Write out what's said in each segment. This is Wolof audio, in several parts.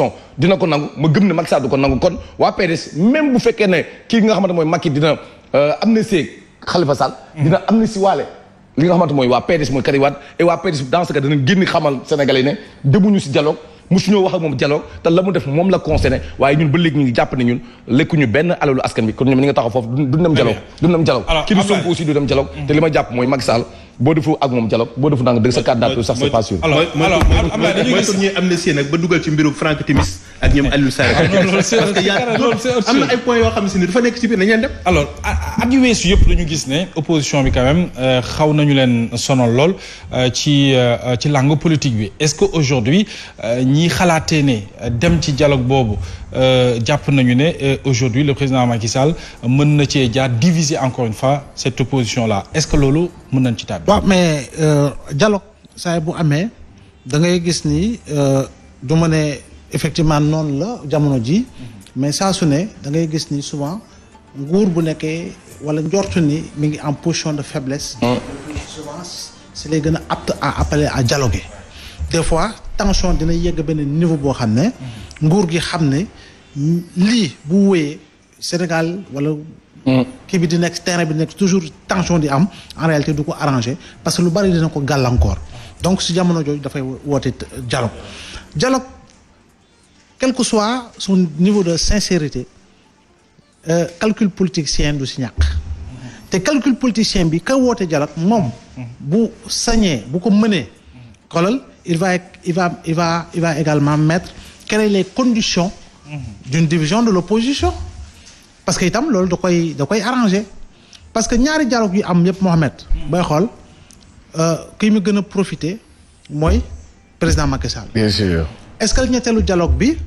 constitution dina ko nangu ma gëm ne mag Sall ko nangu kon waa PDS même bu fekkee ne kii nga xamante mooy Macky dina euh, amnistie Khalifa Sall dina mm. amnistie waale li nga xamante mooy waa PDS mooy Karim Wade et waa PDS dans ce cas dinañ génn xamal sénégalais ne demuñu si dialogue musuñoo wax ak moom dialogue te la mu def moom la concerné waaye ñun ba léegi ñu ngi jàpp ne ñun lekkuñu benn alalu askan bi kon ñoom ñi nga taxaw foofu duñ dem dialogue du dem dialogue mm. te li ma jàpp mooy Macky Sall boo defu ak moom dialogue boo defu nang dëgg sa carte sax c'est pas sûr mooy tax ñuy amnistie nag ba dugal ci mbiru Franck Timis ak ñoom Aliou Sarr ah, parce que yaa am na ay points yoo xam si ne dafa nekk ci biir nañ leen dem alors at yu weesu yëpp gis ne opposition bi quand même euh, xaw nañu leen sonal lool euh, ci euh, ci langue politique bi est-ce que aujourd'hui ñii xalaatee ne dem ci dialogue boobu jàpp nañu ne aujourd'hui le président Macky Sall mën na cee jaar diviser encore une fois cette opposition là est-ce que loolu mën nañ ci tàbbi. mais euh, dialogue saa bu amee da ngay gis ni euh, du ma ne effectivement noonu la jamono ji mais saa su ne da ngay gis ni souvent nguur bu nekkee wala njortu ni mi ngi en position de faiblesse. souvent si lay gën a apte à appeler à dialoguer des fois tension dina yegg benn niveau boo xam ne. nguur gi xam ne lii bu wéyee Sénégal wala. kii bi di nekk terrain bi di nekk toujours tension di am en réalité du ko arrangé parce que lu bari dina ko gàllankoor donc si jamono jooju dafay woote dialogue dialogue quel que soit son niveau de sincérité euh, calcul politicien du si ñàkk te calcul politicien bi ka woote dialogue moom bu sañee bu ko mënee xolal il va il va il va il va également mettre créer les conditions mhm. d'une division de l'opposition parce que itam loolu da koy da koy arrangé parce que ñaari dialogue yi am yëpp Mohamed bay xool euh, kii mu gën a profité mooy président Macky Sall. bien sûr. que ñetteelu dialogue bi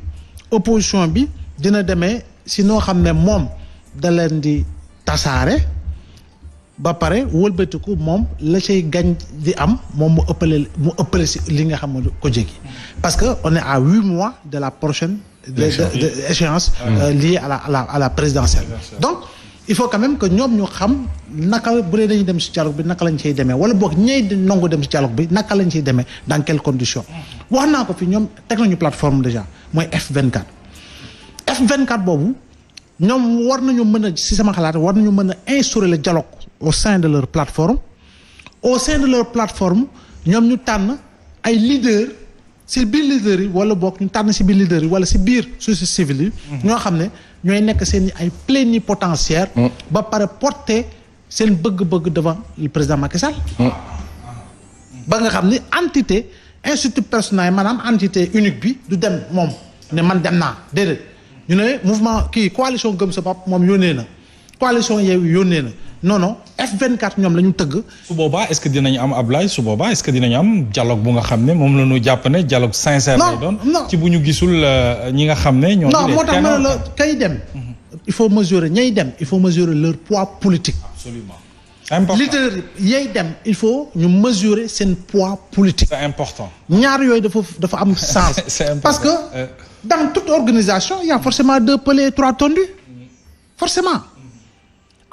opposition bi dina demee si noo xam ne moom da leen di tasaare ba pare wëlbatiku moom la cay gañ di am moom mu ëppale mu ëppale si li nga xam ne ko jegi parce que huit mois de la prochaine. de de de ah. euh, à la à la à la présidentielle. donc il faut quand même que ñoom ñu xam naka bu dee dañuy dem ci dialogue bi naka lañ ciy demee wala boo boog ñay nangu dem ci dialogue bi naka lañ ciy demee dans quelles conditions. wax naa ko fi ñoom teg nañu plateforme déjà mooy F24. F24 boobu ñoom war nañu mën a ci sama xalaat war nañu mën a instaurer le dialogue au sein de leur plateforme au sein de leur plateforme ñoom ñu tànn ay leaders. si biir yi wala bokk ñu tànn si biir leader yi wala si biir société civile yi. Mhm. ñoo xam ne ñooy nekk seen ay plénipotentiaire mhm. ba pare porter seen bëgg-bëgg devant le président Macky Sall. Mhm. ba nga xam ni entité institut yi maanaam entité unique bi du dem moom ne man dem naa déedéet ñu ne mouvement kii coalition gëm sa bopp moom yónnee na coalition yeewu yónnee na. non non F24 ñoom la ñu tëgg. su booba est-ce que dinañ am Ablaye su boobaa est-ce que dinañ am dialogue bu nga xam ne moom la ñu jàpp ne dialogue sincère doon ci bu ñu gisul euh, ñi nga xam ne. ñoo non moo tax ma ne la kay dem. Mhm. il faut mesurer ñay dem il faut mesurer leur poids politique. absolument. c'est important leader yay dem il faut ñu mesurer seen poids politique. important. ñaar yooyu dafa dafa am sens. c'est parce que euh. dans toute organisation il y a forcément deux pelés et trois tondus mhm. forcément.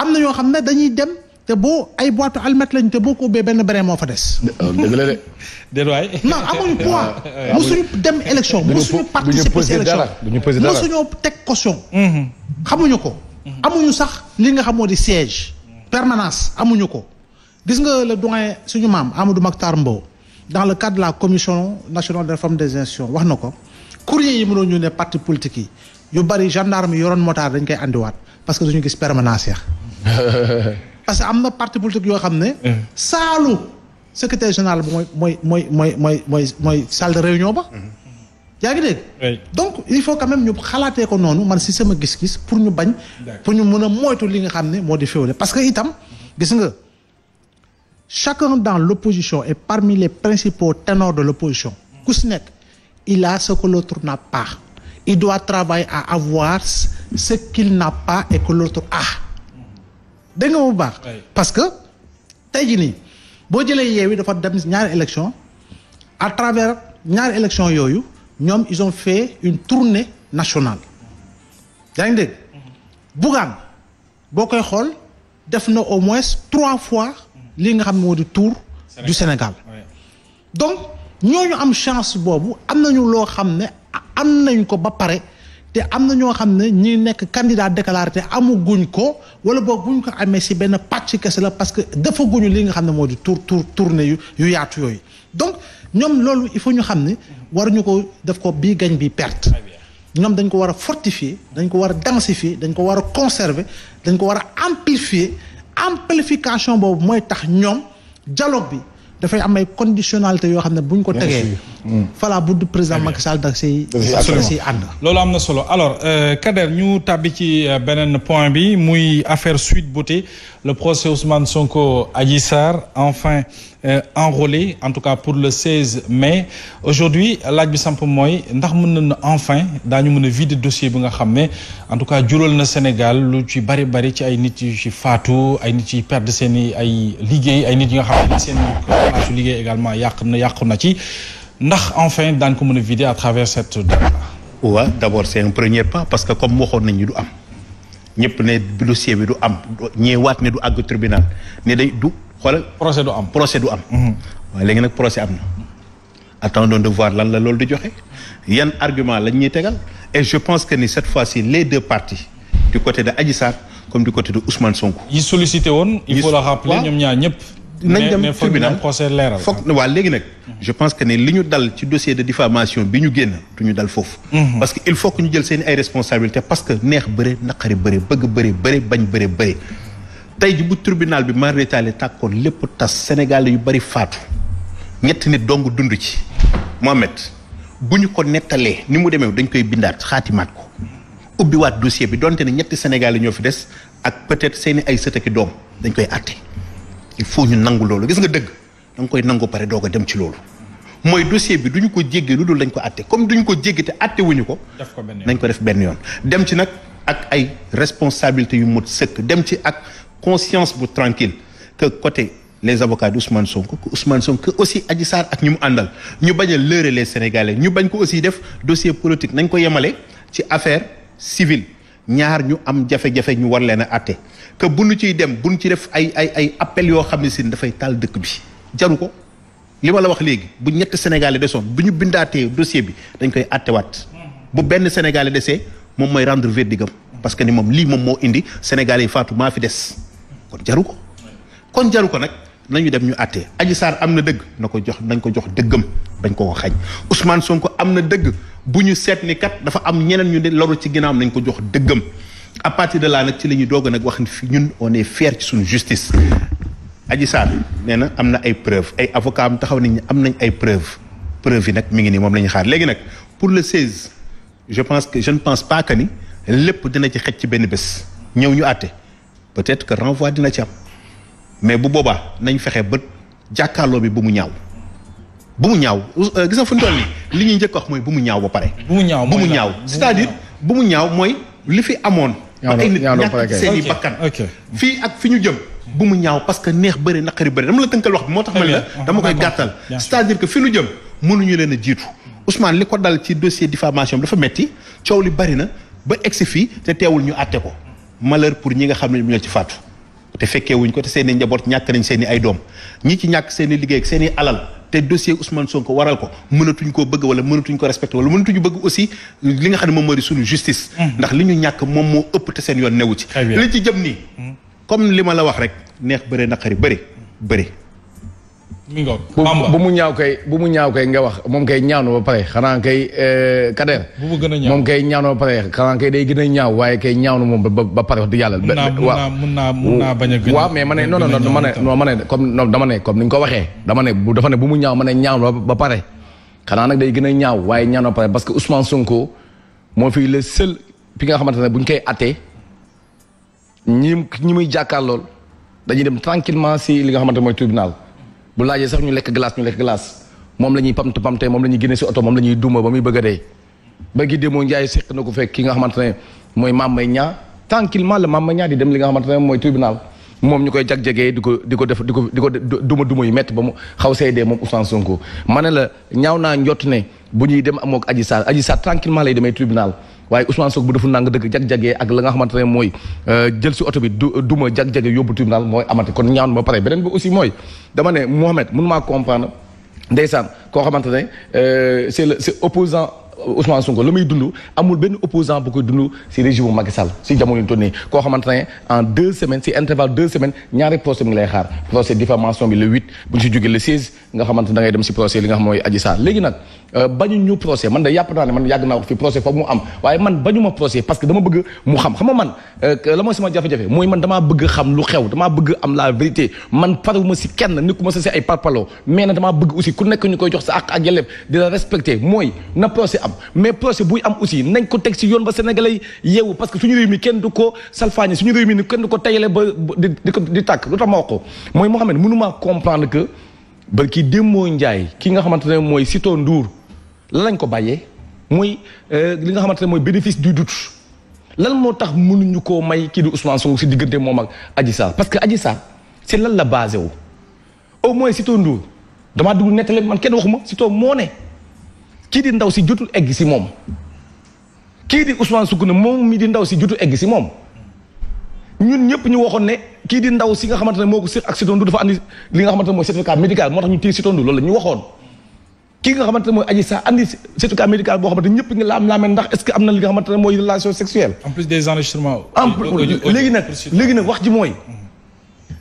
am na ñoo xam ne dañuy dem te boo ay boîte almet lañ te boo ko ubbee benn beneen moo fa des. Euh, dëgg la de. déedéet waay non amuñu poids. mosuñu dem élection mosuñu participer ci élection mosuñoo teg caution. Mm-hmm. xamuñu ko. amuñu sax li nga xamoo di siège. permanence amuñu ko. gis nga le doyen suñu maam Amadou Makhtar Mbow. dans le cadre de la commission nationale de réforme des institutions wax na ko courrier yi mënoo ñu ne parti politique yi. yu bari gendarme yi moo motard dañ koy andiwaat parce que duñu gis permanence parce que am na parti politique yoo xam ne. Eh. saalu secrétaire général bi mooy mooy mooy mooy mooy mooy mooy salle de réunion mm-hmm. donc il faut quand même ñu xalaatee ko noonu man si sama gis-gis pour ñu bañ. pour ñu mën a moytu li nga xam ne moo di féewale parce que itam gis nga chacun dans l'opposition est parmi les principaux ténors de l'opposition ku si nekk il a ce que l'autre n'a il doit travailler à avoir ce qu'il n'a pas et a dégg bu baax parce que tey jii nii boo jëlee yeewi dafa dem ñaari élection à travers ñaari élection yooyu ñoom ils ont une tournée nationale yaa ngi dégg koy xool def na au moins trois fois li nga xam ne Sénégal donc ñooñu am chance boobu am nañu loo xam ne am nañ ko ba pare te am na ñoo xam ne ñi nekk candidat déclaré te amuguñ ko wala boog buñ ko amee si benn pàcc kese la parce que dafa guñu li nga xam ne moo di tour tour tournée yu yu yaatu yooyu donc ñoom loolu il faut ñu xam ne waruñu ko def ko bii gañ bi perte ñoom dañ ko war a fortifier dañ ko war a densifier dañ ko war a conserver dañ ko war a amplifier amplification boobu mooy tax ñoom dialogue bi dafay am ay conditionnalité yoo xam ne buñ ko tegee voilà bu président Macky Sall da si da siy ànd. loolu am na solo alors euh, Kader ñu tàbbi ci euh, beneen point bi muy affaire Sweet Beauté le procès Ousmane Sonko Adji Sarr enfin euh, enrôlé en tout cas pour le 16 mai aujourd'hui laaj bi samp mooy ndax mën nañu enfin daañu mun a vider dossier bi nga xam ne en tout cas jural na Sénégal lu ci bari bari ci ay nit yu ci faatu ay nit yu perdre seen i ay liggéey ay nit yi nga xam ne seen place liggéey également na yàqu na ci. ndax enfin daan ko mën a vider à travers cette date là. waaw d' un premier pas parce que comme waxoon nañ ñu du am ñëpp ne dossier bi du am ñeewaat ne du àgg tribunal ne day du xoolal. procès du am procès du am. waaw mhm. léegi nag procès am na. attendons de voir lan la loolu di joxe yan argument lañ ñuy tegal et je pense que ni cette fois-ci les deux parties du côté de Adji Sarr comme du côté de Ousmane Sonko. yi sollicité woon. il faut la rappeler ñoom nañ dem tribunal procès leeral foog waa léegi nag je pense que ne li ñu dal ci dossier de diffamation bi ñu génn du ñu dal foofu mhm. parce que il faut que ñu jël seen ay responsabilités parce que neex bëre naqari bëre bëgg bëre bëre bañ bëre bëre tey ji bu tribunal bi mari taali tàkkoon lépp tas Sénégal yu bari faatu ñetti nit dong dund ci Mohamed bu ñu ko nettalee ni mu demee dañ koy bindaat xaatimaat ko ubbiwaat dossier bi donte ne ñetti Sénégal ñoo fi des ak peut-être seeni ay sët ak doom dañ koy àtte il faut ñu nangu loolu gis nga dëgg da koy nangu pare doo ko dem ci loolu mooy dossier bi du ñu ko jéggee lu dul dañ ko àtte comme du ñu ko jéggee te àtte wuñu ko nañ ko def benn yoon dem ci nag ak ay responsabilité yu mu sëkk dem ci ak conscience bu tranquille que côté les avocats d'Ousmane Sonko que Ousmane Sonko que aussi aji Sarr ak ñu mu àndal ñu bañ a leurrer les Sénégalais ñu bañ ko aussi def dossier politique nañ ko yemale ci affaire civile ñaar ñu am jafe-jafe ñu war leen a àtte que bu nu ciy dem bu nu ci def ay ay ay appel yoo xam ne si dafay taal dëkk bi jaru ko li ma la wax léegi bu ñetti Sénégalais desoon bu ñu bindaatee dossier bi dañ koy àttewaat bu benn Sénégalais desee moom mooy rendre verdigam parce que ni moom lii moom moo indi Sénégalais yi faatu maa fi des kon jaru ko kon jaru ko nag nañu dem ñu àttee Adji Sarr am na dëgg na ko jox nañ ko jox dëggam bañ ko ko xañ Ousmane ko am na dëgg bu ñu seet ni kat dafa am ñeneen ñu ne loru ci ginnaawam nañ ko jox dëggam à partir de là nag ci la ñuy doog nag wax fi ñun on est fier ci suñu justice. Adji Sarr nee na am na ay preuve ay avocat taxaw nañ am nañ ay preuve preuve yi nag mi ngi nii moom la xaar léegi nag pour le 16 je pense que je ne pense pas que ni lépp dina ci xëj ci benn bés ñëw ñu àtte peut-être que renvoi dina ci am mais bu boobaa nañ fexe ba jàkkaarloo bi ba mu ñaaw. bu mu ñaaw euh, gis fu ñu toll nii li ñuy njëkk wax mooy bu mu ñaaw ba pare. bu mu ñaaw bu ñaaw cest à bu mu ñaaw mooy li fi amoon. ba ay nit ñàkk seen i bakkan fii ak fi ñu jëm. bu mu ñaaw parce que neex bëri naqari bëri dama la tënkal wax bi moo tax man dama koy gàttal cest à fi ñu jëm mënuñu leen a jiitu Ousmane li ko dal ci dossier diffamation bi dafa metti coow li bari na ba egsi fii te teewul ñu àtte ko malheur pour ñi nga xam ne ñu ci faatu te fekkee wuñ ko te seen i njaboot ñàkk nañ seen ay doom ñi ci ñàkk seen i liggéey ak seen i alal te dossier Ousmane Sonko waral ko mënatuñ koo bëgg wala mënatuñ ko respecté wala mënatuñu bëgg aussi li nga xam ne moom moo di suñu justice. Mm. ndax li ñu ñàkk moom moo ëpp te seen yoon newu ci. li ci jëm nii. Mm. comme li ma la wax rek neex bëre naqari bëri bëri. mi ngoog bu mu ñaaw kay mu ñaaw kay nga wax moom kay ñaaw na ba pare xanaa kay eh, Kader. bu moom kay ñaaw na ba pare xanaa kay day gën a ñaaw waaye kay ñaaw na moom ba ba pare wax yàlla. mun naa mun naa mun naa bañ a gën a waaw mais ma ne non ma ne non ma ne comme na ba xanaa nag day gën a ñaaw waaye ñaaw na ba pare parce que Ousmane Sonko moo fi le seul bi nga xamante ne bu ñu koy attee ñi ñi muy jàkkaarlool dañuy dem tranquillement si li nga xamante mooy tribunal bu laajee sax ñu lekk glace ñu lekk glace moom la ñuy pamte pamte moom la ñuy génne si oto moom la ñuy duma ba muy bëgg a dee ba gi démoo njaay seq na ko fekk ki nga xamante ne mooy maam may ñaa tranquillement la maam may ñaar di dem li nga xamante ne mooy tribunal moom ñu koy jag-jegee di ko di ko def di ko di ko duma duma yu métti ba mu xaw see dee moom Ousmane Sonko ma ne la ñaaw naa njot ne bu ñuy dem amook Adji Sarr Adji Sarr tranquillement lay demee tribunal waaye Ousmane Sonko bu deful nang dëgg jag-jagee ak la nga xamante ne mooy euh, jël si oto bi du duma jag-jagee yóbbu tribunal mooy amati kon ñaan ba pare beneen bi aussi mooy dama ne Mohamed mun maa comprendre ndeysaan koo xamante ne euh, c'est le c'est opposant Ousmane Sonko la muy dund amul benn opposant bu koy dund si régime bu Macky si jamono yu ñu nii koo xamante en deux semaines si intervalle deux semaines ñaari procès mi ngi lay xaar procès diffamation bi le huit bu ñu si jógee le seize nga xamante da dem si procès li nga xam euh, man yàgg naa ko fi procès foofu mu am waaye man bañu procès parce que dama bëgg mu xam xam nga euh, sama jafe-jafe mooy man damaa bëgg xam lu xew damaa ku nekk ñu koy jox sa mais projet buy am aussi nañ ko teg si yoon ba sénégalais yi yeewu parce que suñu réew mi kenn du ko salfaañe suñu réew mi ni kenn du ko tayale ba di ko di tàkk lu tax ma wax ko mooy moo xam ne mënumaa comprendre que ba kii Demba Ndiaye ki nga xamante ne mooy Sitor Ndour la lañ ko bàyyee mooy euh, li nga xamante ne mooy bénéfice du lan moo tax mënuñu koo may kii di Ousmane Sonko si diggante moom ak Adji Sarr parce que Adji Sarr si lan la basé wu au moins Sitor Ndour damaa dugg nettali man kenn waxuma Sitor moo ne kii di ndaw si jotul egg si moom kii di Ousmane Soucouna moom mi di ndaw si jotul egg si moom ñun ñëpp ñu waxoon ne kii di ndaw si nga xamante ne moo ko séq ak Sitondu dafa li nga xamante ne moo tax ñu téye Sitondu loolu la ñu waxoon kii nga xamante ne mooy aji sax andi certificat médical ne ñëpp ngi laam laamee ndax est-ce que am na li nga xamante ne mooy relation sexuelle. en en plus léegi nag léegi nag wax ji mooy.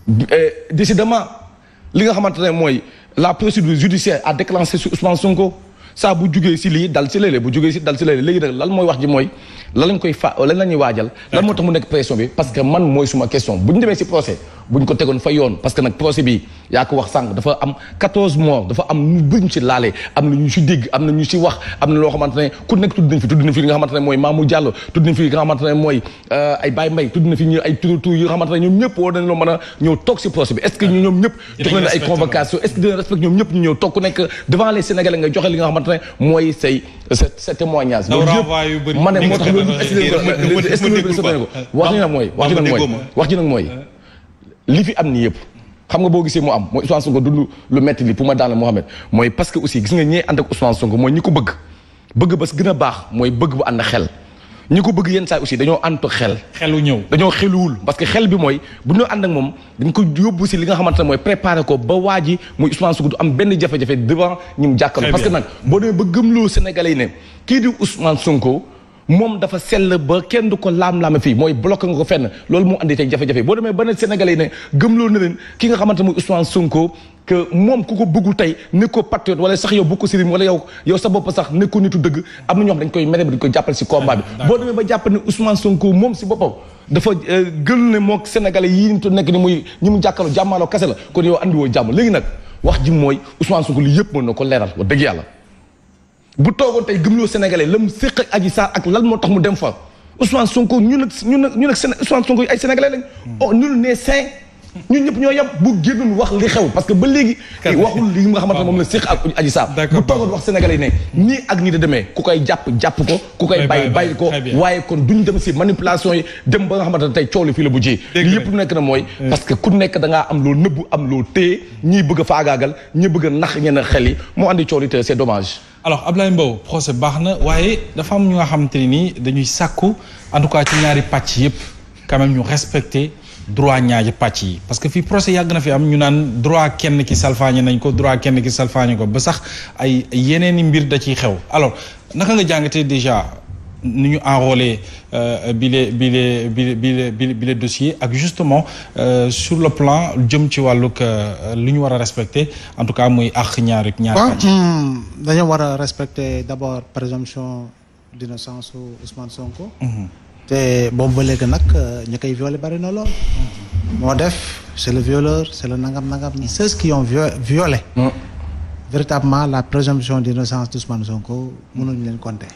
Mm-hmm. Euh, décidément li nga xamante mooy la procédure judiciaire a déclenché sur Ousmane Sonko. saa bu jugee si lii dal si léeg-léeg dal mooy wax ji mooy lan lañ koy fa lan la waajal lan moo tax mu nekk pression bi parce que man mooy suma question bu ñu demee si procès bu ñu ko si laalee am na ñu si dégg am na ñu si wax am na loo xamante ku nekk tudd nañ fi li nga xamante mooy Mamou Diallo tudd nañ fi nga xamante mooy euh, ay Baye Mbaye tudd nañ fi ñu ay tur tur yi ñu ay convocation est ce que dina respect ñoom ñëpp ñu ñëw toog ku mooy say sa sa témoignage. loolu yëpp ma moo tax loolu wax ji nag mooy wax ji nag mooy wax ji nag mooy li fi am nii yëpp xam nga boo gisee mu am mooy Ousmane Sonko dund lu metti li pour ma daaneel Mohamed mooy parce que aussi gis nga ñee ànd ak Ousmane Sonko mooy ñu ko bëgg bëgg ba gën a baax mooy bëgg bu ànd xel ñi ko bëgg yenn saa aussi dañoo àntu xel. xelu ñëw dañoo xeluwul parce que xel bi mooy bu ñu ànd ak moom dañ ko yóbbu si li nga xamante ne mooy préparer ko ba waa ji muy Ousmane Sonko du am benn jafe-jafe devant ñi mu jàkkaarloo. parce que nag boo demee ba gëmloo Sénégalais yi ne kii di Ousmane Sonko. moom dafa sell ba kenn du ko laam-laama fii mooy bloqué nga ko fenn loolu moo andi tey jafe-jafe boo demee ba ne Sénégalais yi ne gëmloo na leen ki nga xamante muy Ousmane Sonko que moom ku ko bëggul ne ko patriote wala sax yow bu ko sirim wala yow yow sa bopp sax ne ko dëgg am dañ koy mere ba dañ koy si combat bi boo demee ba jàpp ne Ousmane Sonko moom si boppam dafa euh, gën ne mook Sénégalais yi nekk ni muy ñi mu jàkkaloo jàmmaaloo kase la kon yow andi woo jàmm léegi nag wax ji mooy Ousmane Sonko li yëpp mën na ko leeral wax dëgg yàlla bu toogoon tey gëmloo sénégalais la mu séq ak Adji ak lan moo tax mu dem fa Ousmane Sonko ñun ak ñun ak ñun ak Ousmane Sonko ay sénégalais lañ. oh ne sain ñu ñëpp ñoo yem bu génnoon wax li xew parce que ba léegi. waxul li nga xamante moom la séq ak Adji Sarr. bu toogoon wax sénégalais ne nii ak nii da demee ku koy jàpp jàpp ko. ku koy bàyyi bàyyi ko waaye kon duñ dem si manipulation yi dem ba nga xamante ne tey coow li fii la bu ji li yëpp nekk na mooy. parce que ku nekk da ngaa am loo nëbbu am loo téye ñii bëgg a faagaagal bëgg nax ñeneen xel yi moo andi coow li te c'est alors Ablaye Mbow procès baax na waaye dafa am ñu nga xamante ne nii dañuy sàkku en tout cas ci ñaari pàcc yëpp quand ñu respecter droit ñaari pàcc yi parce que fii procès yàgg na fi am ñu naan droit kenn ki salfaañe nañ ko droit kenn ki salfaañe ko ba sax ay yeneeni mbir da ciy xew alors naka nga jàngatee déjà ni ñu enrôler euh, bile bile bile bile bile bile dossier ak justement euh, sur le plan jëm ci wàllug euh, lu ñu war a respecter en tout cas muy àq ñaari ñaari hmm, dañoo war a respecter d'abord présomption d'innocence Ousmane Sonko mhm. te boobu ba léegi nag ñu koy violé bari na mhm. moo def c'est le violeur c'est le nangam nangam ni ceux qui ont violé véritablement la présomption d'innocence d'Ousmane Sonko mënuñu leen compter.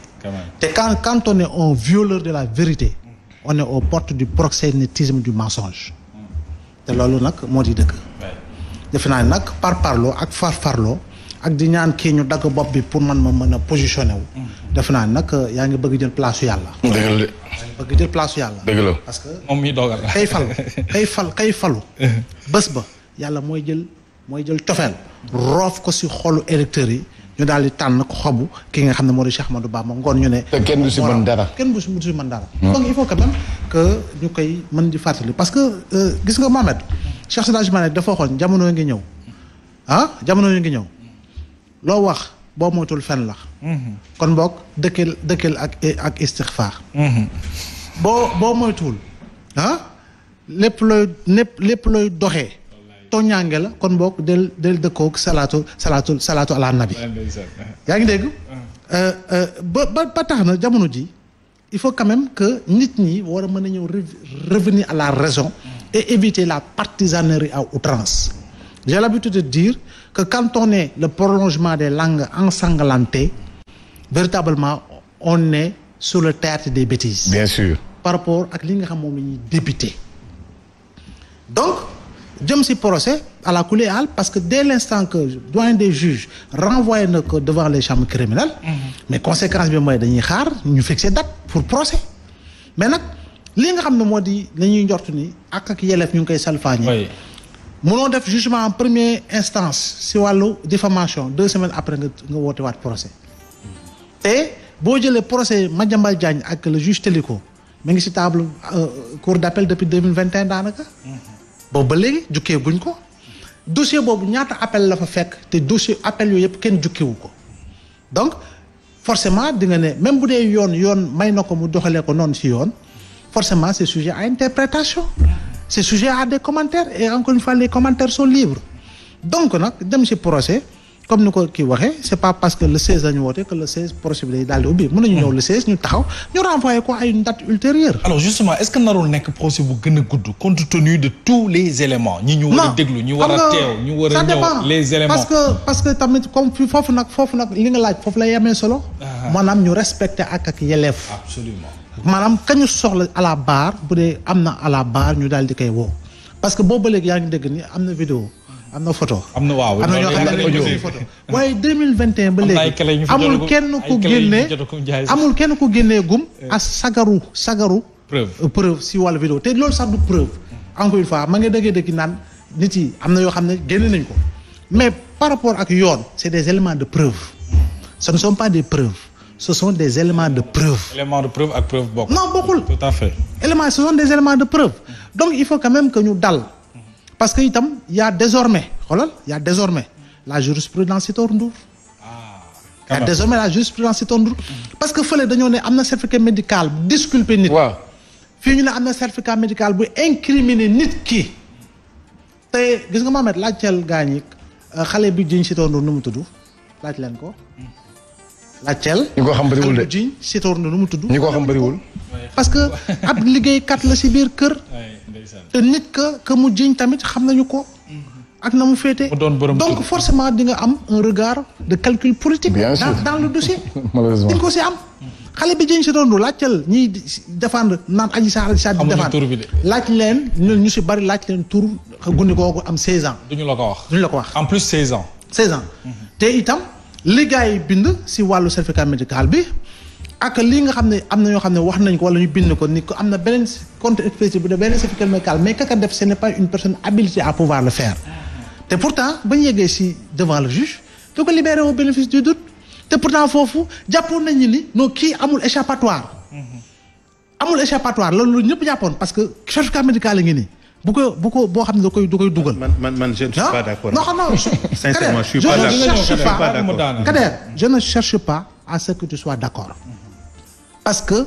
te leen quand on est un violeur de la vérité. on est aux portes du proxénétisme du mensonge. te loolu nag moo di dëkk. defe naa nag par parloo ak far farloo ak di ñaan kii ñu dagg bopp bi pour man ma mën a positionné wu. defe naa nag euh, yaa ngi bëgg jël place su yàlla. dëgg la de. bëgg dëgg la parce que. moom mi dogal la kay fal kay fal kay falu. bés ba yàlla mooy jël mooy jël cofeel roof ko si xolu électeurs yi ñu daal di tànn xobu ki nga xam ne moo di Cheikh Amadou Bamba ngoon ñu ne. te kenn du si mën dara kenn du si mën dara. Hmm. ñu koy mën di fàttali parce que euh, gis nga Mohamed Cheikh Sadji Mané jamono ngi ñëw ah jamono ngi ñëw wax boo moytul fen la. Hmm. kon boog dëkkeel dëkkeel ak ak istixfaar. Hmm. boo boo moytuwul ah, lépp looy lépp lépp looy doxee. toññaange la kon boog del del dëkkoog salaatu salaatu salaatu ala nabi yaa ngi dégg euh, euh, ba ba tax na jamono ji il faut quand même que nit ñi war mën na ñëw revenir à la raison et éviter la partisanerie à outrance j'ai l'habitude de dire que quand on le prolongement des langues ensanglantées véritablement on est sur le théâtre des bêtises par rapport ak li nga xam moom la ñuy jëm si procès à la coulée àll parce que dès l'instant que doyen des juges renvoyé na ko devant les chambres criminelles mhm. mais conséquence bi mooy dañuy xaar ñu fixer date pour procès mais nag li xam ne moo di la ñuy njortu ni ak ak yelef ngi koy salfaañi mënoo def jugement en première instance si wàllu diffamation deux semaines après nga nga woote waat procès te boo jëlee procès Madiambal Diagne ak le juge Téliko mu ngi si table euh, cour d'appel depuis deux mille vingt et un daanaka mhm. boobu ba léegi jukkee guñ ko dossier boobu ñaata appel la fa fekk te dossier appel yooyu yëpp kenn jukkiwu ko donc forcément dinga ne même bu dee yoon yoon may na ko mu doxalee ko noonu ci yoon forcément c'est sujet à interprétation c'est sujet à des commentaires et encore une fois les commentaires sont libres donc nag dem ci procès comme ni ko kii waxee c'est pas parce que le 16 la ñu woote que le 16 procès bi day di ubbi mën nañu ñëw le 16 ñu taxaw ñu renvoyer ko à une date justement est-ce que narul nekk procès bu gën a gudd compte tenu de tous les éléments. ñi ñu war a déglu ñu war a teew ñu war a ñëw les éléments parce que parce que tamit comme fi foofu nag foofu nag li nga laaj foofu la yemee solo. Ah. maanaam ñu respecté ak ak yelleef. absolument maanaam kañu soxla à la barre bu dee am na à la barre ñu daal di koy woo parce que boobu léeg yaa ngi dégg ni am am na photo am na waaw am na ñoo xam ne waaye deux mille vingt et un ba léegi amul kenn ku génnee amul kenn ku génnee gum eh. ak sagaru sagaru euh, preuve si wàllu vidéo te loolu sax du preuve encore une fois ma nga dëggee dëkki naan nit yi am na yoo xam ne génne nañ ko mais par rapport ak yoon c'est des éléments de preuve ce ne sont pas des preuves ce sont des éléments de preuve. de preuve ak preuve bokkul. non bokkul éléments ce sont des éléments de preuve donc il faut quand même que ñu dal. parce que itam y' a désormais xoolal y' désormais la jurisprudence Sitor Ndour. ah désormais la jurisprudence parce que fële dañoo ne am na certificat médical bu disculper nit. fii ñu ne am na certificat médical bu incriminer nit ki. te gis nga ma Mohamed laajteel gaa ñi euh, xale bi jiñ Sitor Ndour nu mu tudd laaj leen ko. laajteel. ñi xam bëriwul de xale bu jiñ Sitor mu tudd. ñi ko xam bëriwul. parce que ab liggéeykat la si biir kër. te nit ka que mu jiñ tamit xam nañu ko. ak na mu féete donc forcément di nga am un regard de calcul politique. Bien dans, dans le dossier. malheureusement di nga ko si am. xale bi jën si doon laajteel ñiy défendre naan aji saar aji di défendre laaj leen ñu si bari laaj leen tur. guni googu am 16 ans. duñu la ko wax duñu la ko wax. en plus 16 ans. Mm-hmm. te itam li gars bind si wàllu certificat médical bi. ak lii nga xam ne am na ñoo xam ne wax nañ ko wala ñu bind ko ni ko am na beneen contre expertise bu ne beneen certificat médical mais kaka def ce n'est pas une personne habilitée à pouvoir le faire te pourtant ba ñu yeggee si devant le juge da ko libéré bénéfice du doute te pourtant foofu jàppoon nañ ni noo non kii amul échappatoire amul échappatoire loolu lu ñëpp jàppoon parce que certificat médical la ngi nii bu ko bu ko boo xam ne da koy da koy dugal. man man man je ne suis ah? pas d'accord. non non à ce que tu sois parce que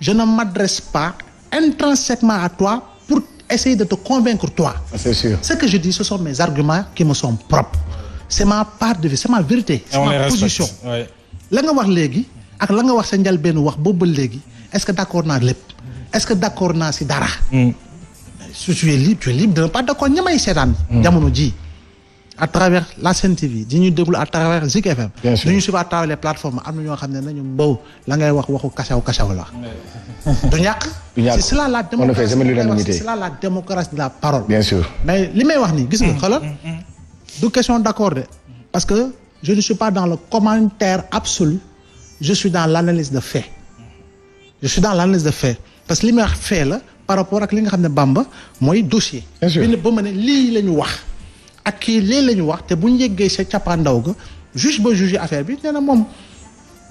je ne m'adresse pas intrinsèquement à toi pour essayer de te convaincre toi. Ah, c'est sûr. Ce que je dis, ce sont mes qui me sont propres. C'est ma part de vie, c'est ma vérité, c'est ma position. la nga wax léegi ak la nga wax sa njëlbéenu wax boobu ba léegi est-ce que d'accord naa lépp est-ce que d'accord naa si dara. su tu es libre tu es libre de ne pas d'accord ñi may seetaan. Mm. jamono ji. à travers la Sen TV di ñu déglu à travers Zik FM. bien sûr di ñu suivre les plateformes am na ñoo xam ne nañu mbaw la ngay wax waxu kasaw kasaw la. du ñàkk. du ñàkk la démocratie c'est de la parole. mais li may wax nii gis nga mm-hmm. xoolal. Mm-hmm. du question d'accord de. parce que je ne suis pas dans le commentaire absolu je suis dans l'analyse de fait. je suis dans l'analyse de fait parce que li may wax fait la par rapport ak li nga xam ne Bamba mooy dossier. bien bi ba ma ne lii la ñu wax. ak kii lii la ñu wax te bu ñu yeggee sa cappaandaw ga juge ba juge affaire bi nee na moom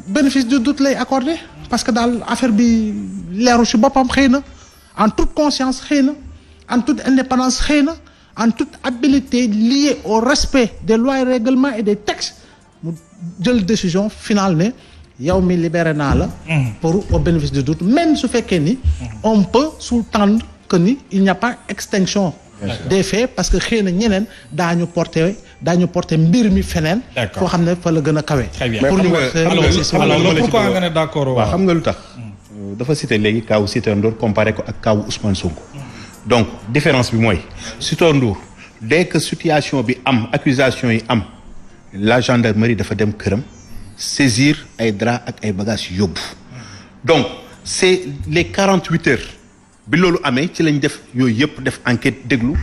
bénéfice du doute lay accordé parce que daal affaire bi leeru si boppam xëy na en toute conscience xëy na en toute indépendance xëy na en toute habilité liée au respect des lois et règlements et des textes mu jël décision finale ne yow mi libéré naa la. Mmh. pour au bénéfice du doute même su fekkee ni. Mmh. on peut sous-tendre que ni il n'y a pas extinction. des faits parce que xëy na ñeneen daañu porté daañu porté mbir mi feneen. foo xam ne fa la gën a kawe. pour li pourquoi nga ne xam nga lu tax. Hmm. Euh, dafa cité léegi kaw Sitor Ndour comparé ko ak kaw Ousmane Sonko. donc différence bi mooy Sitor Ndour dès que situation bi am accusation yi am la gendarmerie dafa dem këram saisir ay dra ak ay bagages yóbbu donc c'est les quarante-huit bi loolu amee ci lañ def yooyu yëpp def enquête déglu